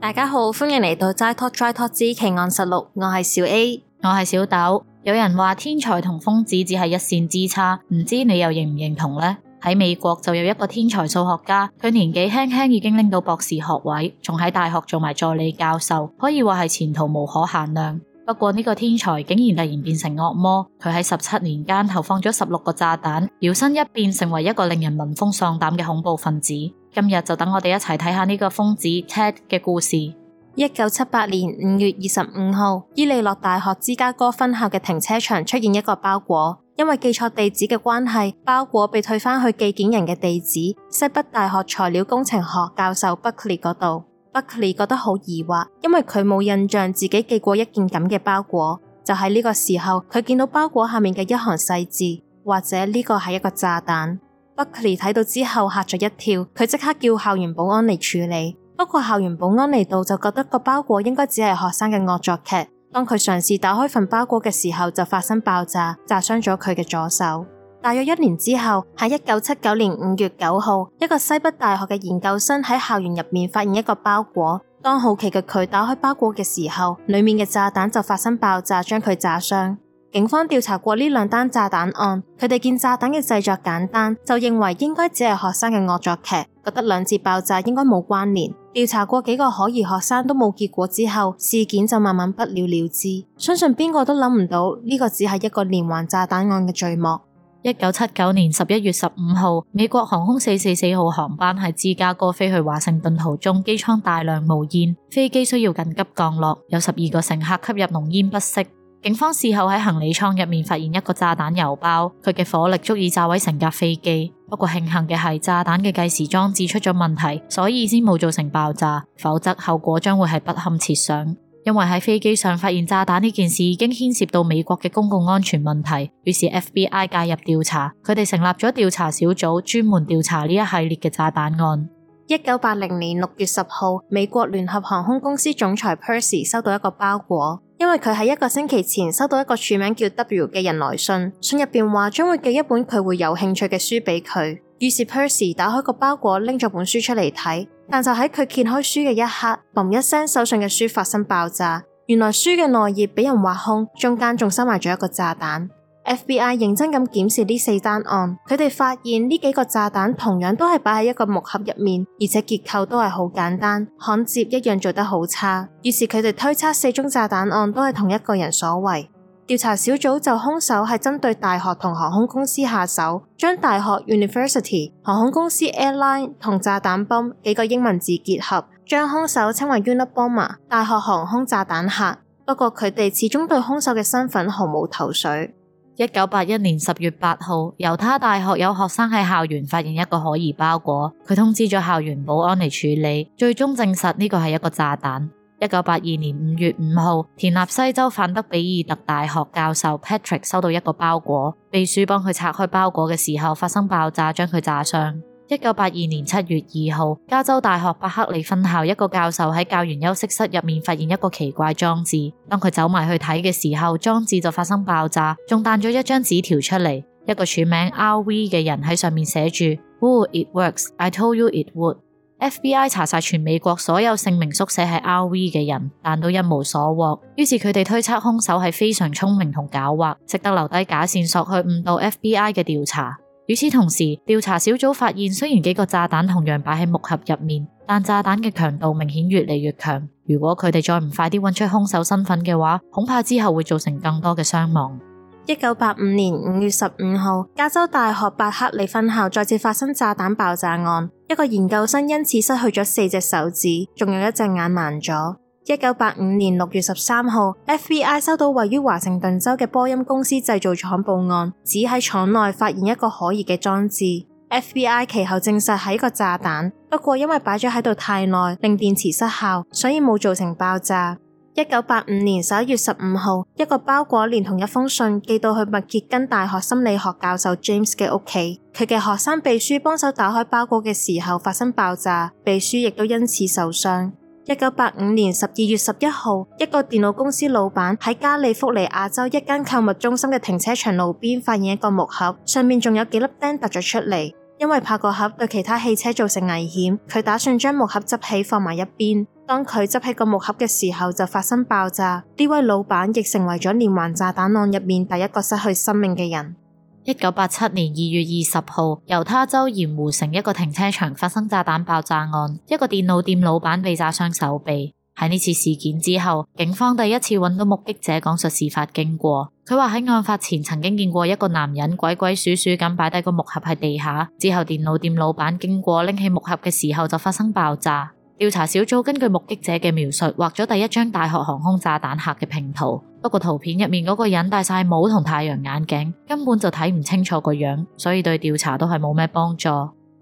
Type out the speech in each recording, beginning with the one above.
大家好，歡迎嚟到《齋 talk drytalk》之奇案實錄，我係小 A，我係小豆。有人話天才同瘋子只係一綫之差，唔知你又認唔認同呢？喺美國就有一個天才數學家，佢年紀輕輕已經拎到博士學位，仲喺大學做埋助理教授，可以話係前途無可限量。不過呢個天才竟然突然變成惡魔，佢喺十七年間投放咗十六個炸彈，搖身一變成為一個令人聞風喪膽嘅恐怖分子。今日就等我哋一齊睇下呢個瘋子 Ted 嘅故事。一九七八年五月二十五號，伊利諾大學芝加哥分校嘅停車場出現一個包裹，因為寄錯地址嘅關係，包裹被退翻去寄件人嘅地址——西北大學材料工程學教授 Buckley 嗰度。Buckley 覺得好疑惑，因為佢冇印象自己寄過一件咁嘅包裹。就喺呢個時候，佢見到包裹下面嘅一行細字，或者呢個係一個炸彈。布克利睇到之後吓咗一跳，佢即刻叫校園保安嚟處理。不過校園保安嚟到就覺得個包裹應該只係學生嘅惡作劇。當佢嘗試打開份包裹嘅時候，就發生爆炸，炸傷咗佢嘅左手。大約一年之後，喺一九七九年五月九號，一個西北大學嘅研究生喺校園入面發現一個包裹。當好奇嘅佢打開包裹嘅時候，裏面嘅炸彈就發生爆炸，將佢炸傷。警方調查過呢兩單炸彈案，佢哋見炸彈嘅製作簡單，就認為應該只係學生嘅惡作劇，覺得兩次爆炸應該冇關聯。調查過幾個可疑學生都冇結果之後，事件就慢慢不了了之。相信邊個都諗唔到呢個只係一個連環炸彈案嘅序幕。一九七九年十一月十五號，美國航空四四四號航班喺芝加哥飛去華盛頓途中，機艙大量冒煙，飛機需要緊急降落，有十二個乘客吸入濃煙不適。警方事後喺行李倉入面發現一個炸彈郵包，佢嘅火力足以炸毀成架飛機。不過慶幸嘅係，炸彈嘅計時裝置出咗問題，所以先冇造成爆炸，否則後果將會係不堪設想。因為喺飛機上發現炸彈呢件事已經牽涉到美國嘅公共安全問題，於是 FBI 介入調查，佢哋成立咗調查小組，專門調查呢一系列嘅炸彈案。一九八零年六月十號，美國聯合航空公司總裁 Percy 收到一個包裹，因為佢喺一個星期前收到一個署名叫 W 嘅人來信，信入面話將會寄一本佢會有興趣嘅書俾佢。於是 Percy 打開個包裹，拎咗本書出嚟睇，但就喺佢揭開書嘅一刻，嘣一聲，手上嘅書發生爆炸。原來書嘅內頁俾人挖空，中間仲收埋咗一個炸彈。F.B.I 認真咁檢視呢四單案，佢哋發現呢幾個炸彈同樣都係擺喺一個木盒入面，而且結構都係好簡單，焊接，一樣做得好差。於是佢哋推測四宗炸彈案都係同一個人所為。調查小組就凶手係針對大學同航空公司下手，將大學 University、航空公司 Airline 同炸彈 Bomb 幾個英文字結合，將凶手稱為 Unabomber 大學航空炸彈客。不過佢哋始終對凶手嘅身份毫無頭緒。一九八一年十月八號，猶他大學有學生喺校園發現一個可疑包裹，佢通知咗校園保安嚟處理，最終證實呢個係一個炸彈。一九八二年五月五號，田納西州范德比爾特大學教授 Patrick 收到一個包裹，秘書幫佢拆開包裹嘅時候發生爆炸，將佢炸傷。一九八二年七月二號，加州大學伯克利分校一個教授喺教員休息室入面發現一個奇怪裝置。當佢走埋去睇嘅時候，裝置就發生爆炸，仲彈咗一張紙條出嚟。一個署名 R.V. 嘅人喺上面寫住：Wu，it works，I told you it would。F.B.I. 查晒全美國所有姓名縮寫係 R.V. 嘅人，但都一無所獲。於是佢哋推測兇手係非常聰明同狡猾，值得留低假線索去誤導 F.B.I. 嘅調查。與此同時，調查小組發現，雖然幾個炸彈同樣擺喺木盒入面，但炸彈嘅強度明顯越嚟越強。如果佢哋再唔快啲揾出凶手身份嘅話，恐怕之後會造成更多嘅傷亡。一九八五年五月十五號，加州大學伯克利分校再次發生炸彈爆炸案，一個研究生因此失去咗四隻手指，仲有一隻眼盲咗。一九八五年六月十三號，FBI 收到位於華盛頓州嘅波音公司製造廠報案，指喺廠內發現一個可疑嘅裝置。FBI 其後證實係一個炸彈，不過因為擺咗喺度太耐，令電池失效，所以冇造成爆炸。一九八五年十一月十五號，一個包裹連同一封信寄到去密歇根大學心理學教授 James 嘅屋企，佢嘅學生秘書幫手打開包裹嘅時候發生爆炸，秘書亦都因此受傷。一九八五年十二月十一號，一個電腦公司老闆喺加利福尼亞州一間購物中心嘅停車場路邊發現一個木盒，上面仲有幾粒釘突咗出嚟。因為怕個盒對其他汽車造成危險，佢打算將木盒執起放埋一邊。當佢執起個木盒嘅時候，就發生爆炸。呢位老闆亦成為咗連環炸彈案入面第一個失去生命嘅人。一九八七年二月二十號，猶他州鹽湖城一個停車場發生炸彈爆炸案，一個電腦店老闆被炸傷手臂。喺呢次事件之後，警方第一次揾到目擊者講述事發經過。佢話喺案發前曾經見過一個男人鬼鬼祟祟咁擺低個木盒喺地下，之後電腦店老闆經過拎起木盒嘅時候就發生爆炸。調查小組根據目擊者嘅描述，畫咗第一張大學航空炸彈客嘅拼圖。不過圖片入面嗰個人戴晒帽同太陽眼鏡，根本就睇唔清楚個樣，所以對調查都係冇咩幫助。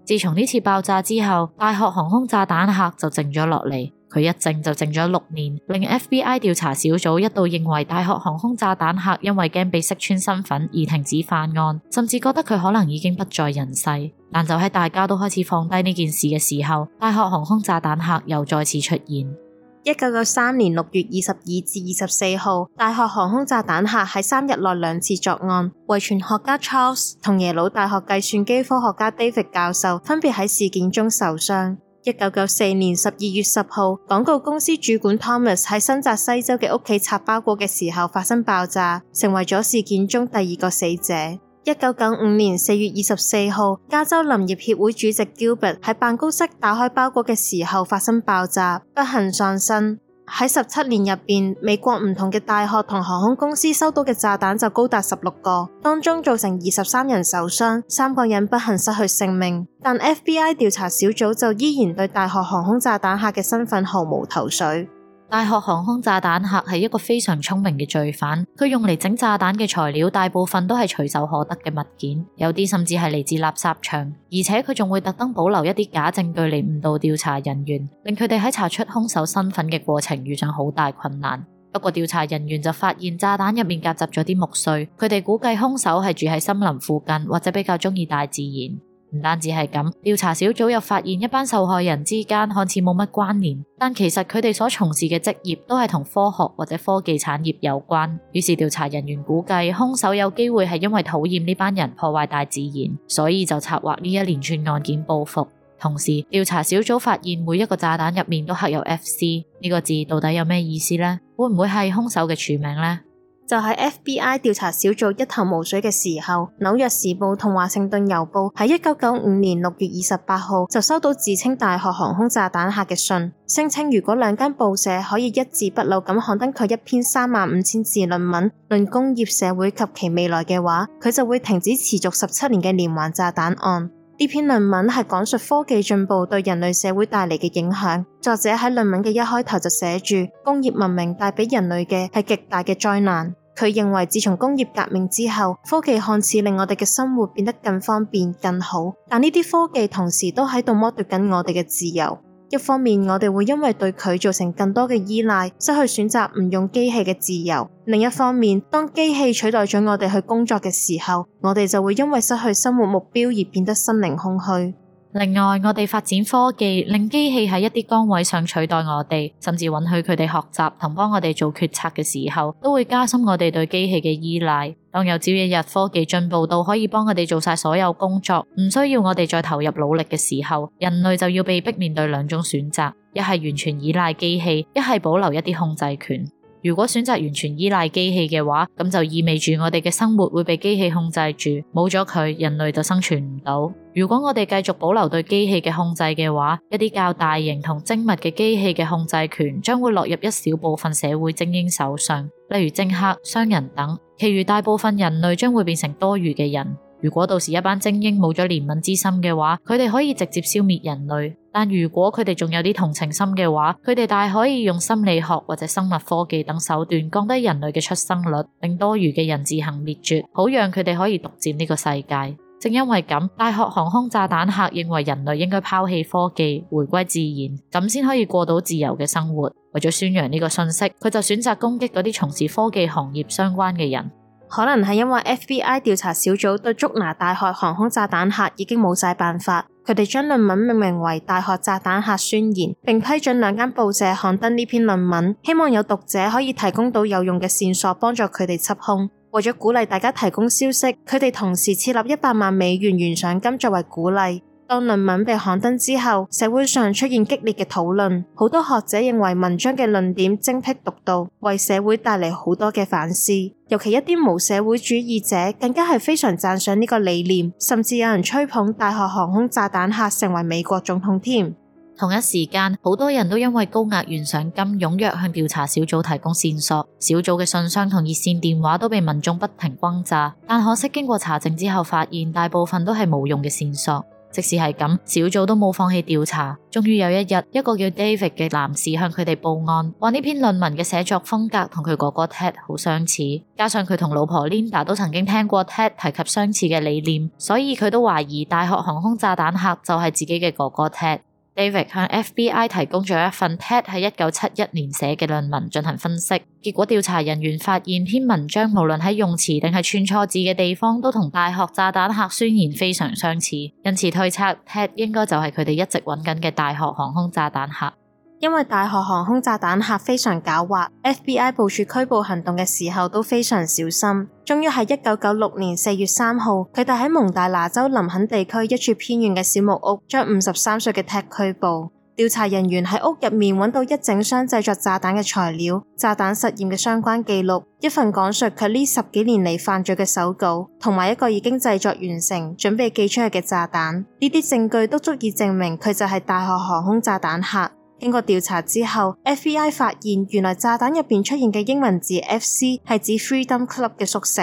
自從呢次爆炸之後，大學航空炸彈客就靜咗落嚟，佢一靜就靜咗六年，令 FBI 調查小組一度認為大學航空炸彈客因為驚被識穿身份而停止犯案，甚至覺得佢可能已經不在人世。但就喺大家都開始放低呢件事嘅時候，大學航空炸彈客又再次出現。一九九三年六月二十二至二十四號，大學航空炸彈客喺三日內兩次作案，遺傳學家 Charles 同耶魯大學計算機科學家 David 教授分別喺事件中受傷。一九九四年十二月十號，廣告公司主管 Thomas 喺新澤西州嘅屋企拆包裹嘅時候發生爆炸，成為咗事件中第二個死者。一九九五年四月二十四號，加州林業協會主席 Gilbert 喺辦公室打開包裹嘅時候發生爆炸，不幸喪生。喺十七年入邊，美國唔同嘅大學同航空公司收到嘅炸彈就高達十六個，當中造成二十三人受傷，三個人不幸失去性命。但 FBI 調查小組就依然對大學航空炸彈客嘅身份毫無頭緒。大學航空炸彈客係一個非常聰明嘅罪犯，佢用嚟整炸彈嘅材料大部分都係隨手可得嘅物件，有啲甚至係嚟自垃圾場。而且佢仲會特登保留一啲假證據嚟誤導調查人員，令佢哋喺查出兇手身份嘅過程遇上好大困難。不過調查人員就發現炸彈入面夾雜咗啲木碎，佢哋估計兇手係住喺森林附近或者比較中意大自然。唔單止係咁，調查小組又發現一班受害人之間看似冇乜關聯，但其實佢哋所從事嘅職業都係同科學或者科技產業有關。於是調查人員估計，兇手有機會係因為討厭呢班人破壞大自然，所以就策劃呢一連串案件報復。同時，調查小組發現每一個炸彈入面都刻有「FC」呢個字，到底有咩意思呢？會唔會係兇手嘅署名呢？就喺 FBI 調查小組一頭霧水嘅時候，紐約時報同華盛頓郵報喺一九九五年六月二十八號就收到自稱大學航空炸彈客嘅信，聲稱如果兩間報社可以一字不漏咁刊登佢一篇三萬五千字論文，論工業社會及其未來嘅話，佢就會停止持續十七年嘅連環炸彈案。呢篇論文係講述科技進步對人類社會帶嚟嘅影響。作者喺論文嘅一開頭就寫住：工業文明帶俾人類嘅係極大嘅災難。佢認為自從工業革命之後，科技看似令我哋嘅生活變得更方便、更好，但呢啲科技同時都喺度剝奪緊我哋嘅自由。一方面，我哋會因為對佢造成更多嘅依賴，失去選擇唔用機器嘅自由；另一方面，當機器取代咗我哋去工作嘅時候，我哋就會因為失去生活目標而變得心靈空虛。另外，我哋發展科技，令機器喺一啲崗位上取代我哋，甚至允許佢哋學習同幫我哋做決策嘅時候，都會加深我哋對機器嘅依賴。當有朝一日科技進步到可以幫佢哋做晒所有工作，不需要我們再投入努力的時候，人類就要被迫面對兩種選擇:一是完全依賴機器，一是保留一些控制權。如果選擇完全依賴機器的話，那就意味着我們的生活會被機器控制住，沒了它，人類就生存不到。如果我們繼續保留對機器的控制的話，一些較大型和精密的機器的控制權將會落入一小部分社會精英手上，例如政客、商人等。其餘大部分人類將會變成多餘嘅人。如果到時一班精英冇咗憐憫之心嘅話，佢哋可以直接消滅人類。但如果佢哋仲有啲同情心嘅話，佢哋大可以用心理學或者生物科技等手段降低人類嘅出生率，令多餘嘅人自行滅絕，好讓佢哋可以獨占呢個世界。正因為咁，大學航空炸彈客認為人類應該拋棄科技，回歸自然，咁先可以過到自由嘅生活。為咗宣揚呢個信息，佢就選擇攻擊嗰啲從事科技行業相關嘅人。可能係因為 FBI 調查小組對捉拿大學航空炸彈客已經冇晒辦法，佢哋將論文命名為《大學炸彈客宣言》，並批准兩間報社刊登呢篇論文，希望有讀者可以提供到有用嘅線索，幫助佢哋緝兇。為咗鼓勵大家提供消息，佢哋同時設立一百萬美元懸賞金作為鼓勵。當論文被刊登之後，社會上出現激烈嘅討論，好多學者認為文章嘅論點精辟獨到，為社會帶嚟好多嘅反思。尤其一啲無社會主義者更加係非常讚賞呢個理念，甚至有人吹捧大學航空炸彈客成為美國總統添。同一時間，好多人都因為高額懸賞金，踴躍向調查小組提供線索。小組嘅信箱同熱線電話都被民眾不停轟炸，但可惜經過查證之後，發現大部分都係冇用嘅線索。即使係咁，小組都冇放棄調查。終於有一日，一個叫 David 嘅男士向佢哋報案，話呢篇論文嘅寫作風格同佢哥哥 Ted 好相似，加上佢同老婆 Linda 都曾經聽過 Ted 提及相似嘅理念，所以佢都懷疑大學航空炸彈客就係自己嘅哥哥 Ted。David 向 FBI 提供咗一份 Ted 喺一九七一年寫嘅論文進行分析，結果調查人員發現篇文章無論喺用詞定係串錯字嘅地方，都同大學炸彈客宣言非常相似。因此推測 Ted 應該就係佢哋一直揾緊嘅大學航空炸彈客。因為大學航空炸彈客非常狡猾，FBI 部署拘捕行動嘅時候都非常小心。終於喺一九九六年四月三號，佢哋喺蒙大拿州林肯地區一處偏遠嘅小木屋將五十三歲嘅踢拘捕。調查人員喺屋入面揾到一整箱製作炸彈嘅材料、炸彈實驗嘅相關記錄、一份講述佢呢十幾年嚟犯罪嘅手稿，同埋一個已經製作完成、準備寄出去嘅炸彈。呢啲證據都足以證明佢就係大學航空炸彈客。經過調查之後，FBI 發現原來炸彈入邊出現嘅英文字 “FC” 係指 Freedom Club 嘅宿舍。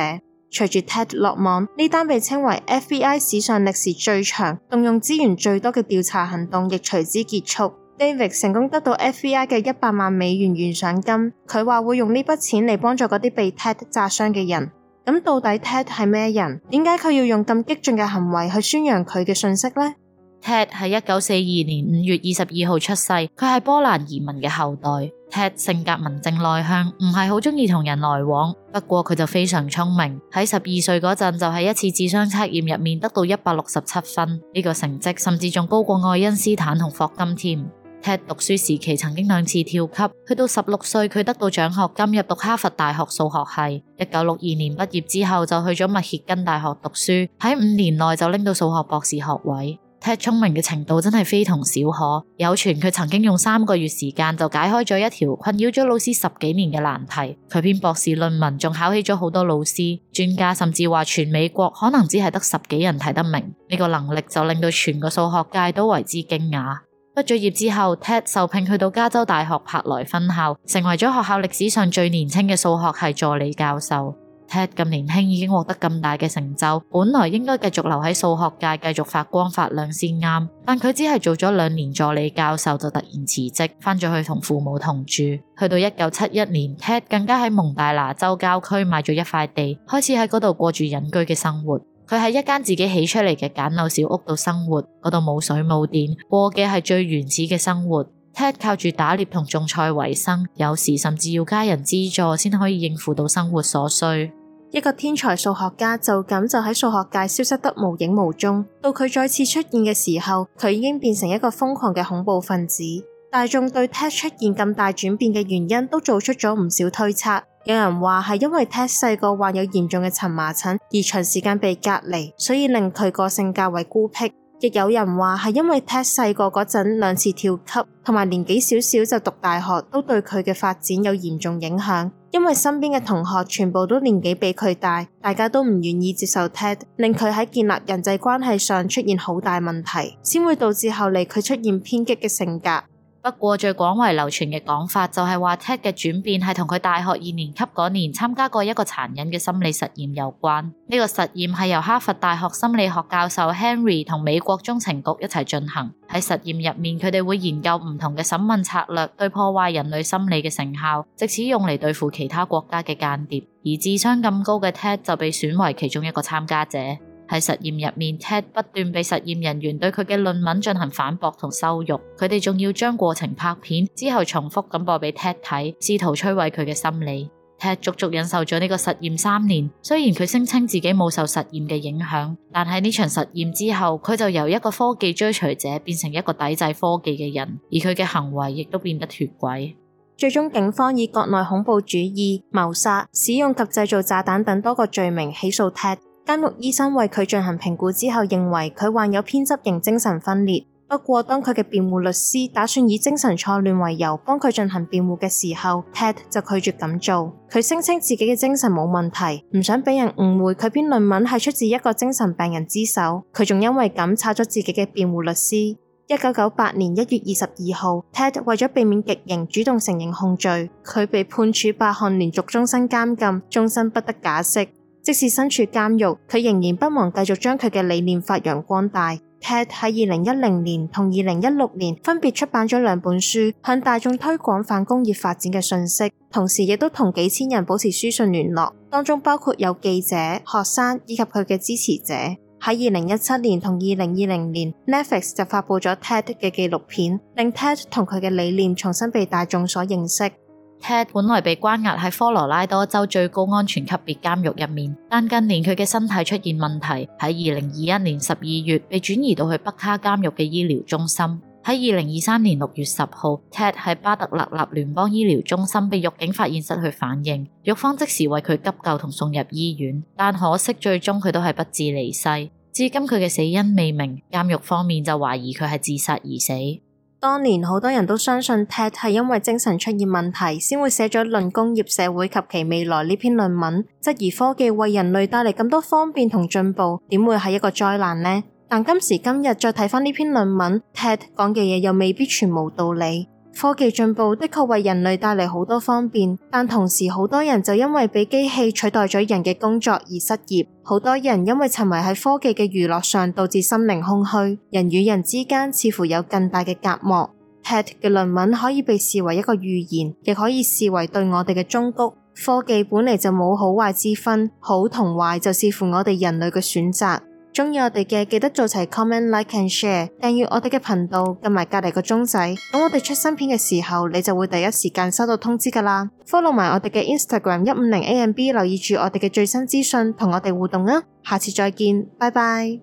隨住 Ted 落網，呢單被稱爲 FBI 史上歷時最長、動用資源最多嘅調查行動亦隨之結束。David 成功得到 FBI 嘅一百萬美元懸賞金，佢話會用呢筆錢嚟幫助嗰啲被 Ted 炸傷嘅人。咁到底 Ted 係咩人？點解佢要用咁激進嘅行為去宣揚佢嘅訊息呢？Ted 喺一九四二年五月二十二號出世，佢係波蘭移民嘅後代。Ted 性格文靜內向，唔係好中意同人來往，不過佢就非常聰明。喺十二歲嗰陣就喺一次智商測驗入面得到一百六十七分，呢個成績甚至仲高過愛因斯坦同霍金添。Ted 讀書時期曾經兩次跳級，去到十六歲佢得到獎學金入讀哈佛大學數學系。一九六二年畢業之後就去咗密歇根大學讀書，喺五年內就拎到數學博士學位。Ted 聰明嘅程度真係非同小可，有傳佢曾經用三個月時間就解開咗一條困擾咗老師十幾年嘅難題。佢篇博士論文仲考起咗好多老師、專家，甚至話全美國可能只係得十幾人睇得明。呢個能力就令到全個數學界都為之驚訝。畢咗業之後，Ted 受聘去到加州大學柏萊分校，成為咗學校歷史上最年輕嘅數學系助理教授。Ted 咁年輕已經獲得咁大嘅成就，本來應該繼續留喺數學界繼續發光發亮先啱，但佢只係做咗兩年助理教授就突然辭職，返咗去同父母同住。去到一九七一年，Ted 更加喺蒙大拿州郊區買咗一塊地，開始喺嗰度過住隱居嘅生活。佢喺一間自己起出嚟嘅簡陋小屋度生活，嗰度冇水冇電，過嘅係最原始嘅生活。t 塔靠住打獵同種菜為生，有時甚至要家人資助先可以應付到生活所需。一個天才數學家就咁就喺數學界消失得無影無蹤。到佢再次出現嘅時候，佢已經變成一個瘋狂嘅恐怖分子。大眾對塔出現咁大轉變嘅原因都做出咗唔少推測。有人話係因為塔細個患有嚴重嘅蕁麻疹而長時間被隔離，所以令佢個性較為孤僻。亦有人話係因為 Ted 細個嗰陣兩次跳級，同埋年紀少少就讀大學，都對佢嘅發展有嚴重影響。因為身邊嘅同學全部都年紀比佢大，大家都唔願意接受 Ted，令佢喺建立人際關係上出現好大問題，先會導致後嚟佢出現偏激嘅性格。不過最廣為流傳嘅講法就係話，Ted 嘅轉變係同佢大學二年級嗰年參加過一個殘忍嘅心理實驗有關。呢、這個實驗係由哈佛大學心理學教授 Henry 同美國中情局一齊進行。喺實驗入面，佢哋會研究唔同嘅審問策略對破壞人類心理嘅成效，借此用嚟對付其他國家嘅間諜。而智商咁高嘅 Ted 就被選為其中一個參加者。喺實驗入面，Ted 不斷被實驗人員對佢嘅論文進行反駁同羞辱，佢哋仲要將過程拍片，之後重複咁播俾 Ted 睇，試圖摧毀佢嘅心理。Ted 足足忍受咗呢個實驗三年，雖然佢聲稱自己冇受實驗嘅影響，但係呢場實驗之後，佢就由一個科技追隨者變成一個抵制科技嘅人，而佢嘅行為亦都變得脫軌。最終，警方以國內恐怖主義、謀殺、使用及製造炸彈等多個罪名起訴 Ted。監獄醫生為佢進行評估之後，認為佢患有偏執型精神分裂。不過，當佢嘅辯護律師打算以精神錯亂為由幫佢進行辯護嘅時候 ，Ted 就拒絕咁做。佢聲稱自己嘅精神冇問題，唔想俾人誤會佢篇論文係出自一個精神病人之手。佢仲因為咁炒咗自己嘅辯護律師。一九九八年一月二十二號，Ted 為咗避免極刑，主動承認控罪。佢被判處八項連續終身監禁，終身不得假釋。即使身處監獄，佢仍然不忘繼續將佢嘅理念發揚光大。TED 喺二零一零年同二零一六年分別出版咗兩本書，向大眾推廣反工業發展嘅信息，同時亦都同幾千人保持書信聯絡，當中包括有記者、學生以及佢嘅支持者。喺二零一七年同二零二零年，Netflix 就發佈咗 TED 嘅紀錄片，令 TED 同佢嘅理念重新被大眾所認識。Ted 本來被關押喺科羅拉多州最高安全級別監獄入面，但近年佢嘅身體出現問題，喺二零二一年十二月被轉移到去北卡監獄嘅醫療中心。喺二零二三年六月十號，Ted 喺巴特勒納聯邦醫療中心被獄警發現，失去反應，獄方即時為佢急救同送入醫院，但可惜最終佢都係不治離世。至今佢嘅死因未明，監獄方面就懷疑佢係自殺而死。當年好多人都相信 Ted 係因為精神出現問題，先會寫咗《論工業社會及其未來》呢篇論文，質疑科技為人類帶嚟咁多方便同進步，點會係一個災難呢？但今時今日再睇返呢篇論文，Ted 講嘅嘢又未必全無道理。科技進步的確為人類帶嚟好多方便，但同時好多人就因為俾機器取代咗人嘅工作而失業。好多人因為沉迷喺科技嘅娛樂上，導致心靈空虛，人與人之間似乎有更大嘅隔膜。Pat 嘅論文可以被視為一個預言，亦可以視為對我哋嘅忠告。科技本嚟就冇好壞之分，好同壞就視乎我哋人類嘅選擇。中意我哋嘅記得做齊 comment like and share 訂閱我哋嘅頻道，撳埋隔籬個鐘仔，等我哋出新片嘅時候，你就會第一時間收到通知㗎喇。Follow 埋我哋嘅 Instagram 一五零 AMB，留意住我哋嘅最新資訊，同我哋互動啊！下次再見，拜拜。